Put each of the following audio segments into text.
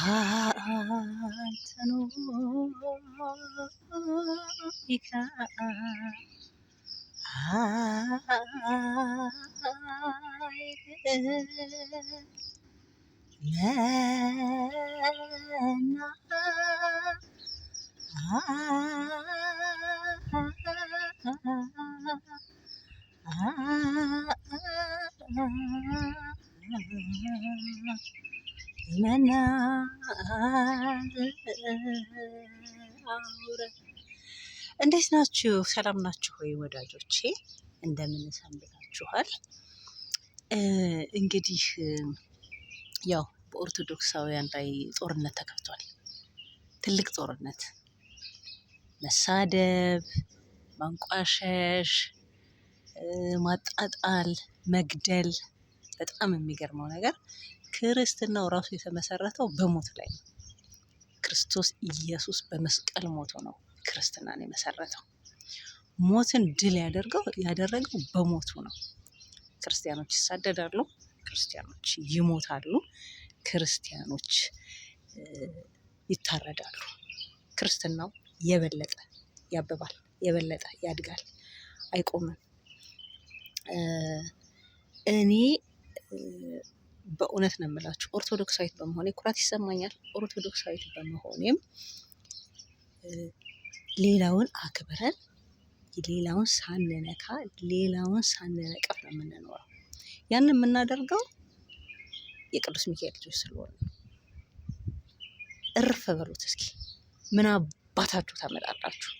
tanumika ayrı lena Ah, ah, ah, ah, ah. እንዴት ናችሁ? ሰላም ናችሁ ወይ ወዳጆቼ? እንደምን ሰንብታችኋል? እንግዲህ ያው በኦርቶዶክሳውያን ላይ ጦርነት ተከፍቷል። ትልቅ ጦርነት፣ መሳደብ፣ ማንቋሸሽ፣ ማጣጣል፣ መግደል። በጣም የሚገርመው ነገር ክርስትናው ራሱ የተመሰረተው በሞት ላይ ነው። ክርስቶስ ኢየሱስ በመስቀል ሞቶ ነው ክርስትናን የመሰረተው። ሞትን ድል ያደርገው ያደረገው በሞቱ ነው። ክርስቲያኖች ይሳደዳሉ፣ ክርስቲያኖች ይሞታሉ፣ ክርስቲያኖች ይታረዳሉ። ክርስትናው የበለጠ ያብባል፣ የበለጠ ያድጋል፣ አይቆምም። እኔ በእውነት ነው የምላችሁ ኦርቶዶክሳዊት በመሆኔ ኩራት ይሰማኛል። ኦርቶዶክሳዊት በመሆኔም ሌላውን አክብረን ሌላውን ሳንነካ ሌላውን ሳንነቀፍ ነው የምንኖረው። ያንን የምናደርገው የቅዱስ ሚካኤል ልጆች ስለሆነ እርፍ በሉት። እስኪ ምን አባታችሁ ታመጣላችሁ?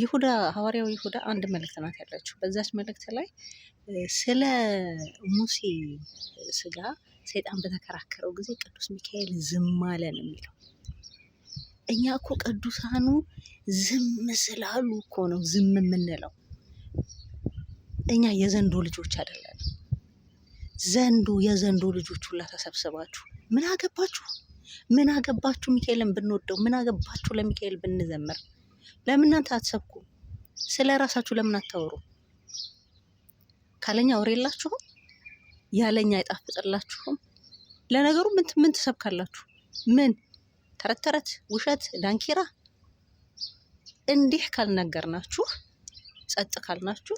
ይሁዳ ሐዋርያው ይሁዳ አንድ መልእክት ናት ያለችው። በዛች መልእክት ላይ ስለ ሙሴ ስጋ ሰይጣን በተከራከረው ጊዜ ቅዱስ ሚካኤል ዝም አለ ነው የሚለው። እኛ እኮ ቅዱሳኑ ዝም ስላሉ እኮ ነው ዝም የምንለው። እኛ የዘንዶ ልጆች አይደለን። ዘንዶ የዘንዶ ልጆች ሁላ ተሰብስባችሁ ምን አገባችሁ ምን አገባችሁ ሚካኤልን ብንወደው ምን አገባችሁ ለሚካኤል ብንዘምር ለምን እናንተ አትሰብኩ? ስለ ራሳችሁ ለምን አታወሩ? ካለኛ አውሬ የላችሁም? ያለኛ አይጣፍጥላችሁም? ለነገሩ ምን ምን ትሰብካላችሁ? ምን ተረት ተረት፣ ውሸት፣ ዳንኪራ እንዲህ ካልነገርናችሁ ጸጥ ካልናችሁ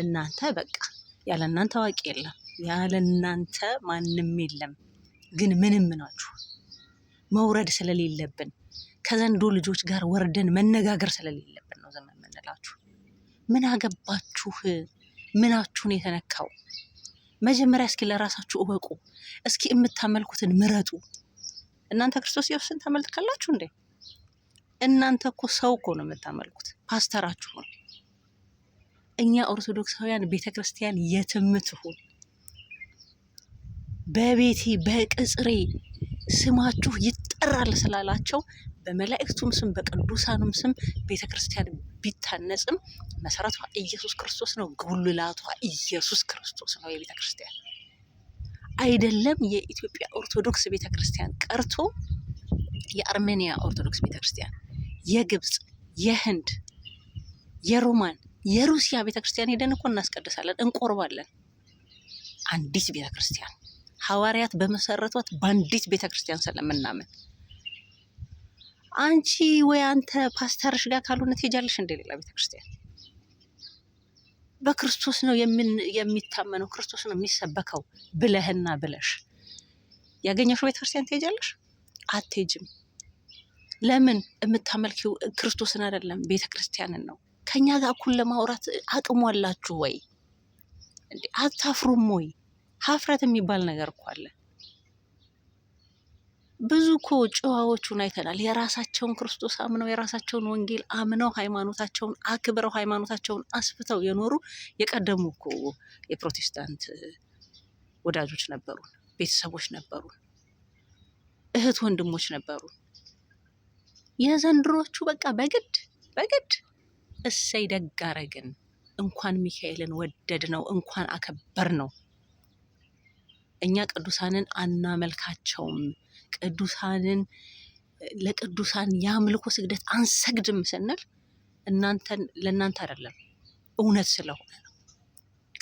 እናንተ በቃ ያለ እናንተ አዋቂ የለም፣ ያለ እናንተ ማንም የለም። ግን ምንም ናችሁ። መውረድ ስለሌለብን ከዘንዶ ልጆች ጋር ወርደን መነጋገር ስለሌለብን ነው ዝም የምንላችሁ። ምን አገባችሁ? ምናችሁን የተነካው? መጀመሪያ እስኪ ለራሳችሁ እወቁ። እስኪ የምታመልኩትን ምረጡ። እናንተ ክርስቶስ ኢየሱስን ታመልካላችሁ እንዴ? እናንተ እኮ ሰው እኮ ነው የምታመልኩት፣ ፓስተራችሁ ነው። እኛ ኦርቶዶክሳውያን ቤተ ክርስቲያን የትም ትሁን በቤቴ በቅጽሬ ስማችሁ ይጠራል ስላላቸው በመላእክቱም ስም በቅዱሳኑም ስም ቤተ ክርስቲያን ቢታነጽም መሰረቷ ኢየሱስ ክርስቶስ ነው። ጉልላቷ ኢየሱስ ክርስቶስ ነው። የቤተ ክርስቲያን አይደለም የኢትዮጵያ ኦርቶዶክስ ቤተ ክርስቲያን ቀርቶ የአርሜኒያ ኦርቶዶክስ ቤተ ክርስቲያን፣ የግብፅ፣ የህንድ፣ የሮማን፣ የሩሲያ ቤተ ክርስቲያን ሄደን እኮ እናስቀድሳለን፣ እንቆርባለን። አንዲት ቤተ ክርስቲያን ሐዋርያት በመሰረቷት በአንዲት ቤተ ክርስቲያን ስለምናምን አንቺ ወይ አንተ ፓስተርሽ ጋር ካልሆነ ትሄጃለሽ እንደሌላ ቤተ ክርስቲያን። በክርስቶስ ነው የሚታመነው፣ ክርስቶስ ነው የሚሰበከው ብለህና ብለሽ ያገኘሽው ቤተ ክርስቲያን ትሄጃለሽ? አትሄጅም። ለምን? የምታመልኪው ክርስቶስን አይደለም ቤተ ክርስቲያንን ነው። ከኛ ጋር እኩል ለማውራት አቅሙ አላችሁ ወይ? አታፍሩም ወይ? ሀፍረት የሚባል ነገር እኮ አለ። ብዙ እኮ ጨዋዎቹን አይተናል። የራሳቸውን ክርስቶስ አምነው የራሳቸውን ወንጌል አምነው ሃይማኖታቸውን አክብረው ሃይማኖታቸውን አስፍተው የኖሩ የቀደሙ እኮ የፕሮቴስታንት ወዳጆች ነበሩን፣ ቤተሰቦች ነበሩን፣ እህት ወንድሞች ነበሩን። የዘንድሮቹ በቃ በግድ በግድ እሰይ ደግ አረግን እንኳን ሚካኤልን ወደድ ነው እንኳን አከበር ነው እኛ ቅዱሳንን አናመልካቸውም፣ ቅዱሳንን ለቅዱሳን የአምልኮ ስግደት አንሰግድም ስንል እናንተን ለእናንተ አይደለም፣ እውነት ስለሆነ ነው።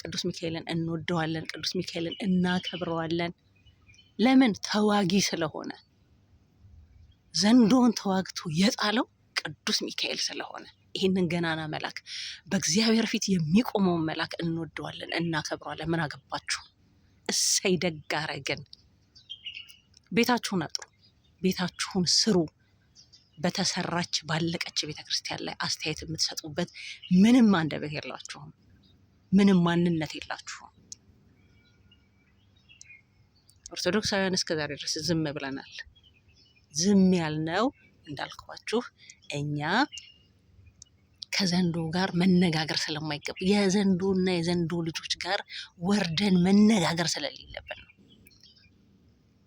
ቅዱስ ሚካኤልን እንወደዋለን፣ ቅዱስ ሚካኤልን እናከብረዋለን። ለምን? ተዋጊ ስለሆነ ዘንዶን ተዋግቶ የጣለው ቅዱስ ሚካኤል ስለሆነ ይህንን ገናና መልአክ በእግዚአብሔር ፊት የሚቆመውን መልአክ እንወደዋለን፣ እናከብረዋለን። ምን አገባችሁ? እሰይ ደግ አረግን። ቤታችሁን አጥሩ፣ ቤታችሁን ስሩ። በተሰራች ባለቀች ቤተ ክርስቲያን ላይ አስተያየት የምትሰጡበት ምንም አንደበት የላችሁም፣ ምንም ማንነት የላችሁም። ኦርቶዶክሳውያን እስከ ዛሬ ድረስ ዝም ብለናል። ዝም ያልነው እንዳልኳችሁ እኛ ከዘንዶ ጋር መነጋገር ስለማይገባ የዘንዶ እና የዘንዶ ልጆች ጋር ወርደን መነጋገር ስለሌለብን ነው።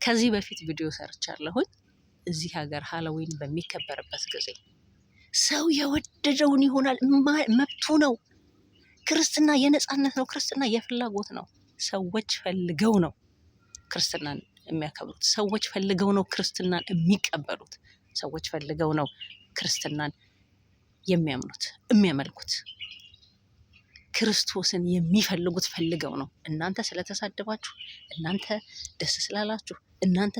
ከዚህ በፊት ቪዲዮ ሰርቻለሁኝ። እዚህ ሀገር ሀለዊን በሚከበርበት ጊዜ ሰው የወደደውን ይሆናል፣ መብቱ ነው። ክርስትና የነፃነት ነው። ክርስትና የፍላጎት ነው። ሰዎች ፈልገው ነው ክርስትናን የሚያከብሩት። ሰዎች ፈልገው ነው ክርስትናን የሚቀበሉት። ሰዎች ፈልገው ነው ክርስትናን የሚያምኑት የሚያመልኩት ክርስቶስን የሚፈልጉት ፈልገው ነው። እናንተ ስለተሳደባችሁ፣ እናንተ ደስ ስላላችሁ፣ እናንተ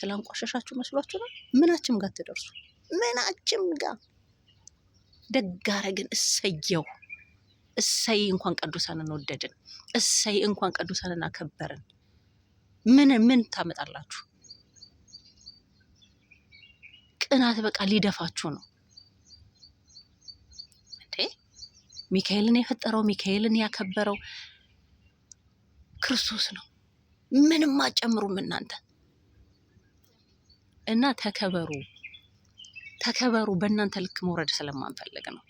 ስላንቋሸሻችሁ መስሏችሁ ነው። ምናችም ጋር ትደርሱ ምናችም ጋር ደጋረግን። እሰየው እሰይ፣ እንኳን ቅዱሳንን ወደድን። እሰይ፣ እንኳን ቅዱሳንን አከበርን። ምን ምን ታመጣላችሁ? ቅናት በቃ ሊደፋችሁ ነው። ሚካኤልን የፈጠረው ሚካኤልን ያከበረው ክርስቶስ ነው። ምንም አጨምሩም እናንተ እና ተከበሩ፣ ተከበሩ። በእናንተ ልክ መውረድ ስለማንፈልግ ነው።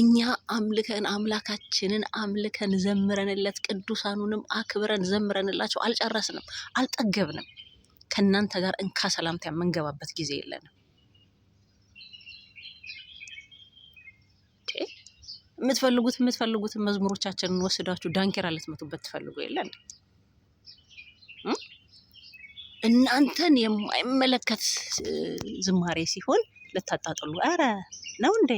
እኛ አምልከን አምላካችንን አምልከን ዘምረንለት ቅዱሳኑንም አክብረን ዘምረንላቸው አልጨረስንም፣ አልጠገብንም። ከእናንተ ጋር እንካ ሰላምታ የምንገባበት ጊዜ የለንም። የምትፈልጉት የምትፈልጉትን መዝሙሮቻችንን ወስዳችሁ ዳንኪራ ልትመቱበት ትፈልጉ የለን እናንተን የማይመለከት ዝማሬ ሲሆን ልታጣጥሉ አረ ነው እንዴ?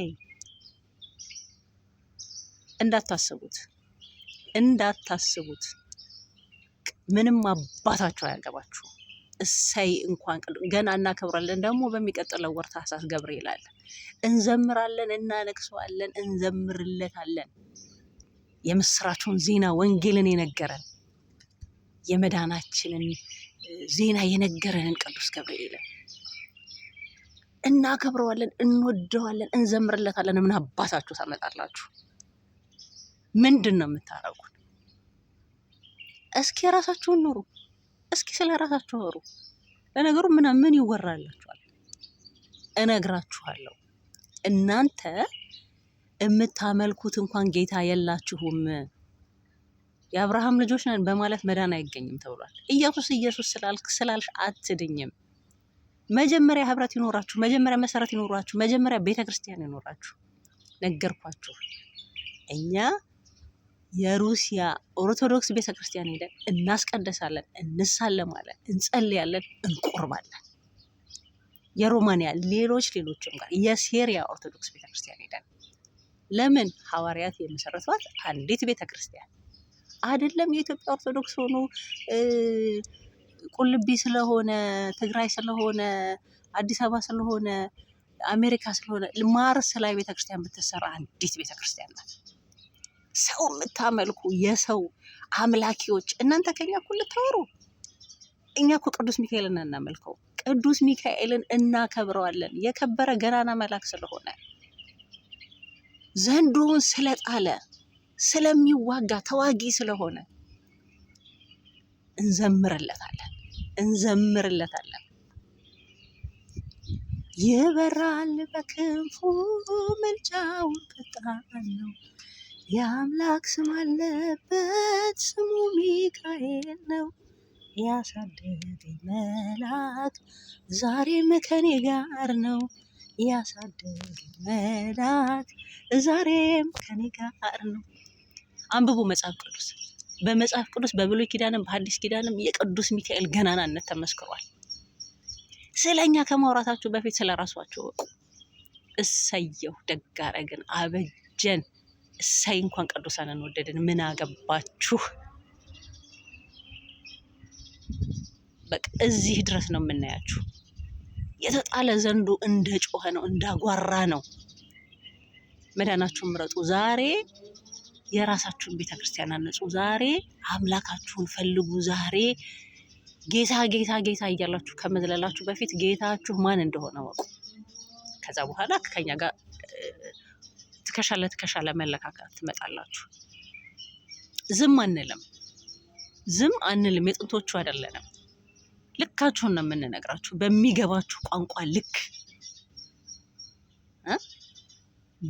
እንዳታስቡት እንዳታስቡት። ምንም አባታችሁ አያገባችሁ። እሰይ እንኳን ገና እናከብራለን። ደግሞ በሚቀጥለው ወር ታህሳስ ገብርኤል አለ። እንዘምራለን፣ እናነግሰዋለን እንዘምርለታለን። የምስራቸውን ዜና ወንጌልን የነገረን የመዳናችንን ዜና የነገረንን ቅዱስ ገብርኤልን እናከብረዋለን፣ እንወደዋለን፣ እንዘምርለታለን። ምን አባታችሁ ታመጣላችሁ? ምንድን ነው የምታረጉት? እስኪ የራሳችሁን ኑሩ። እስኪ ስለ ራሳችሁ አወሩ። ለነገሩ ምን ምን ይወራላችኋል? እነግራችኋለሁ። እናንተ የምታመልኩት እንኳን ጌታ የላችሁም። የአብርሃም ልጆች ነን በማለት መዳን አይገኝም ተብሏል። ኢየሱስ ኢየሱስ ስላልክ ስላልሽ አትድኝም። መጀመሪያ ህብረት ይኖራችሁ፣ መጀመሪያ መሰረት ይኖራችሁ፣ መጀመሪያ ቤተ ክርስቲያን ይኖራችሁ። ነገርኳችሁ እኛ የሩሲያ ኦርቶዶክስ ቤተ ክርስቲያን ሄደን እናስቀደሳለን፣ እንሳለማለን፣ እንጸልያለን፣ እንቆርባለን። የሮማንያ ሌሎች ሌሎችም ጋር የሴሪያ ኦርቶዶክስ ቤተ ክርስቲያን ሄደን ለምን ሐዋርያት የመሰረቷት አንዲት ቤተ ክርስቲያን አይደለም። የኢትዮጵያ ኦርቶዶክስ ሆኖ ቁልቢ ስለሆነ ትግራይ ስለሆነ አዲስ አበባ ስለሆነ አሜሪካ ስለሆነ ማርስ ላይ ቤተክርስቲያን ብትሰራ አንዲት ቤተክርስቲያን ናት። ሰው የምታመልኩ የሰው አምላኪዎች እናንተ ከኛ እኮ ልታወሩ። እኛ እኮ ቅዱስ ሚካኤልን እናመልከው፣ ቅዱስ ሚካኤልን እናከብረዋለን። የከበረ ገናና መልአክ ስለሆነ ዘንዶውን ስለጣለ ስለሚዋጋ ተዋጊ ስለሆነ እንዘምርለታለን እንዘምርለታለን። ይበራል በክንፉ ምልጃውን ፈጣን ነው። የአምላክ ስም አለበት፣ ስሙ ሚካኤል ነው። ያሳደገኝ መልአክ ዛሬም ከኔ ጋር ነው። ያሳደገኝ መልአክ ዛሬም ከኔ ጋር ነው። አንብቡ መጽሐፍ ቅዱስ። በመጽሐፍ ቅዱስ በብሉይ ኪዳንም በሐዲስ ኪዳንም የቅዱስ ሚካኤል ገናናነት ተመስክሯል። ስለ እኛ ከማውራታችሁ በፊት ስለ ራሷችሁ እወቁ። እሰየው ደግ አበጀን እሰይ እንኳን ቅዱሳንን ወደድን፣ ምን አገባችሁ። በቃ እዚህ ድረስ ነው የምናያችሁ። የተጣለ ዘንዶ እንደ ጮኸ ነው እንዳጓራ ነው። መዳናችሁን ምረጡ። ዛሬ የራሳችሁን ቤተ ክርስቲያን አነጹ። ዛሬ አምላካችሁን ፈልጉ። ዛሬ ጌታ ጌታ ጌታ እያላችሁ ከመዝለላችሁ በፊት ጌታችሁ ማን እንደሆነ ወቁ። ከዛ በኋላ ከኛ ጋር ከሻለ ለትከሻ መለካከት ትመጣላችሁ። ዝም አንልም፣ ዝም አንልም። የጥንቶቹ አይደለንም። ልካችሁን ነው የምንነግራችሁ፣ በሚገባችሁ ቋንቋ ልክ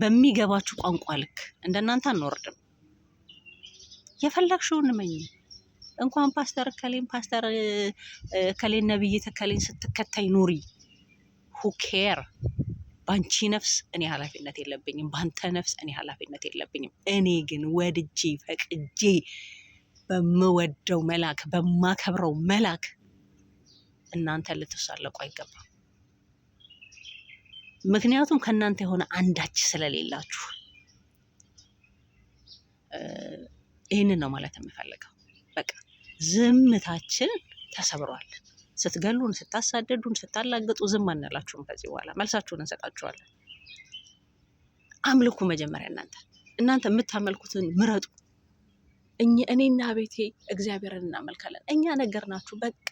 በሚገባችሁ ቋንቋ ልክ። እንደናንተ አንወርድም። የፈለግሽውን መኝ እንኳን ፓስተር ከሌን ፓስተር ከሌን ነብይ ተከሌን ስትከታይ ኑሪ ሁኬር በአንቺ ነፍስ እኔ ኃላፊነት የለብኝም፣ በአንተ ነፍስ እኔ ኃላፊነት የለብኝም። እኔ ግን ወድጄ ፈቅጄ በምወደው መላክ በማከብረው መላክ እናንተ ልትሳለቁ አይገባም። ምክንያቱም ከእናንተ የሆነ አንዳች ስለሌላችሁ ይህንን ነው ማለት የምፈልገው። በቃ ዝምታችን ተሰብሯል። ስትገሉን፣ ስታሳደዱን፣ ስታላግጡ ዝም አንላችሁም። ከዚህ በኋላ መልሳችሁን እንሰጣችኋለን። አምልኩ መጀመሪያ እናንተ እናንተ የምታመልኩትን ምረጡ። እኔና ቤቴ እግዚአብሔርን እናመልካለን። እኛ ነገር ናችሁ በቃ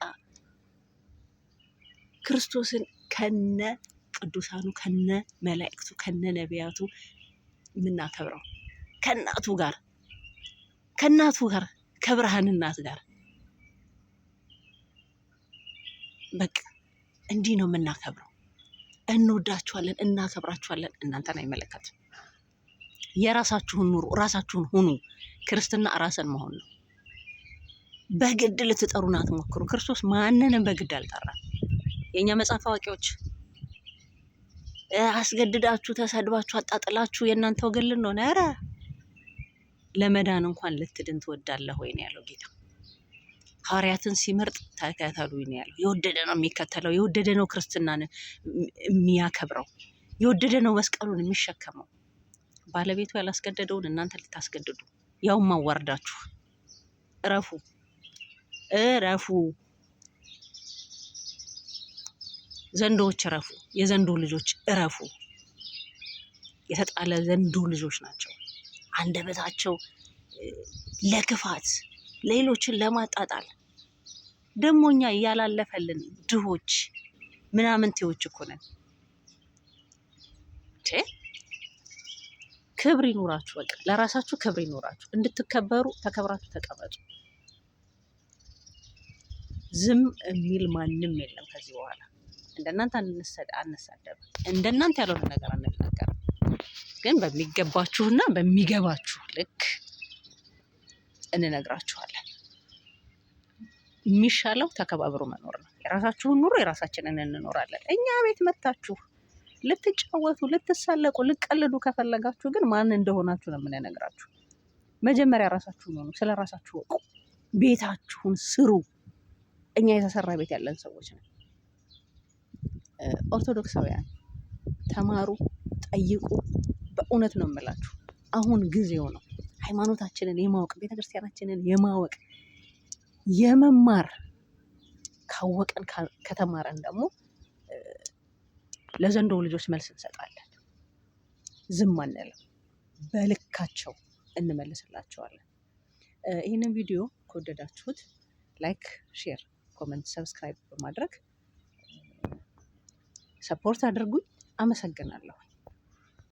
ክርስቶስን ከነ ቅዱሳኑ ከነ መላእክቱ ከነ ነቢያቱ የምናከብረው ከእናቱ ጋር ከእናቱ ጋር ከብርሃን እናት ጋር በቃ እንዲህ ነው የምናከብረው። እንወዳችኋለን፣ እናከብራችኋለን። እናንተን አይመለከትም። የራሳችሁን ኑሩ፣ ራሳችሁን ሁኑ። ክርስትና ራስን መሆን ነው። በግድ ልትጠሩን አትሞክሩ። ክርስቶስ ማንንም በግድ አልጠራም። የእኛ መጽሐፍ አዋቂዎች አስገድዳችሁ፣ ተሰድባችሁ፣ አጣጥላችሁ የእናንተ ወገን ልንሆን ኧረ ለመዳን እንኳን ልትድን ትወዳለህ ወይ ነው ያለው ጌታ። ሐዋርያትን ሲመርጥ ተከተሉ ያለው። የወደደ ነው የሚከተለው፣ የወደደ ነው ክርስትናን የሚያከብረው፣ የወደደ ነው መስቀሉን የሚሸከመው። ባለቤቱ ያላስገደደውን እናንተ ልታስገድዱ፣ ያው ማዋርዳችሁ። እረፉ ዘንዶዎች፣ እረፉ። የዘንዶ ልጆች እረፉ። የተጣለ ዘንዶ ልጆች ናቸው። አንደበታቸው ለክፋት ሌሎችን ለማጣጣል ደግሞ እኛ ያላለፈልን ድሆች ምናምን ቴዎች እኮ ነን። ክብር ይኖራችሁ፣ በቃ ለራሳችሁ ክብር ይኖራችሁ፣ እንድትከበሩ ተከብራችሁ ተቀመጡ። ዝም የሚል ማንም የለም ከዚህ በኋላ እንደናንተ አንሳደብ፣ እንደናንተ ያልሆነ ነገር አንናገር። ግን በሚገባችሁና በሚገባችሁ ልክ እንነግራችኋለን። የሚሻለው ተከባብሮ መኖር ነው። የራሳችሁን ኑሮ የራሳችንን እንኖራለን። እኛ ቤት መታችሁ ልትጫወቱ፣ ልትሳለቁ፣ ልትቀልዱ ከፈለጋችሁ ግን ማን እንደሆናችሁ ነው የምንነግራችሁ። መጀመሪያ ራሳችሁን ሆኑ፣ ስለ ራሳችሁ ወቁ፣ ቤታችሁን ስሩ። እኛ የተሰራ ቤት ያለን ሰዎች ነው። ኦርቶዶክሳውያን ተማሩ፣ ጠይቁ። በእውነት ነው የምላችሁ። አሁን ጊዜው ነው ሃይማኖታችንን የማወቅ ቤተክርስቲያናችንን የማወቅ የመማር ካወቀን ከተማረን ደግሞ ለዘንዶ ልጆች መልስ እንሰጣለን። ዝም አንልም፣ በልካቸው እንመልስላቸዋለን። ይህንን ቪዲዮ ከወደዳችሁት ላይክ፣ ሼር፣ ኮመንት፣ ሰብስክራይብ በማድረግ ሰፖርት አድርጉኝ። አመሰግናለሁ።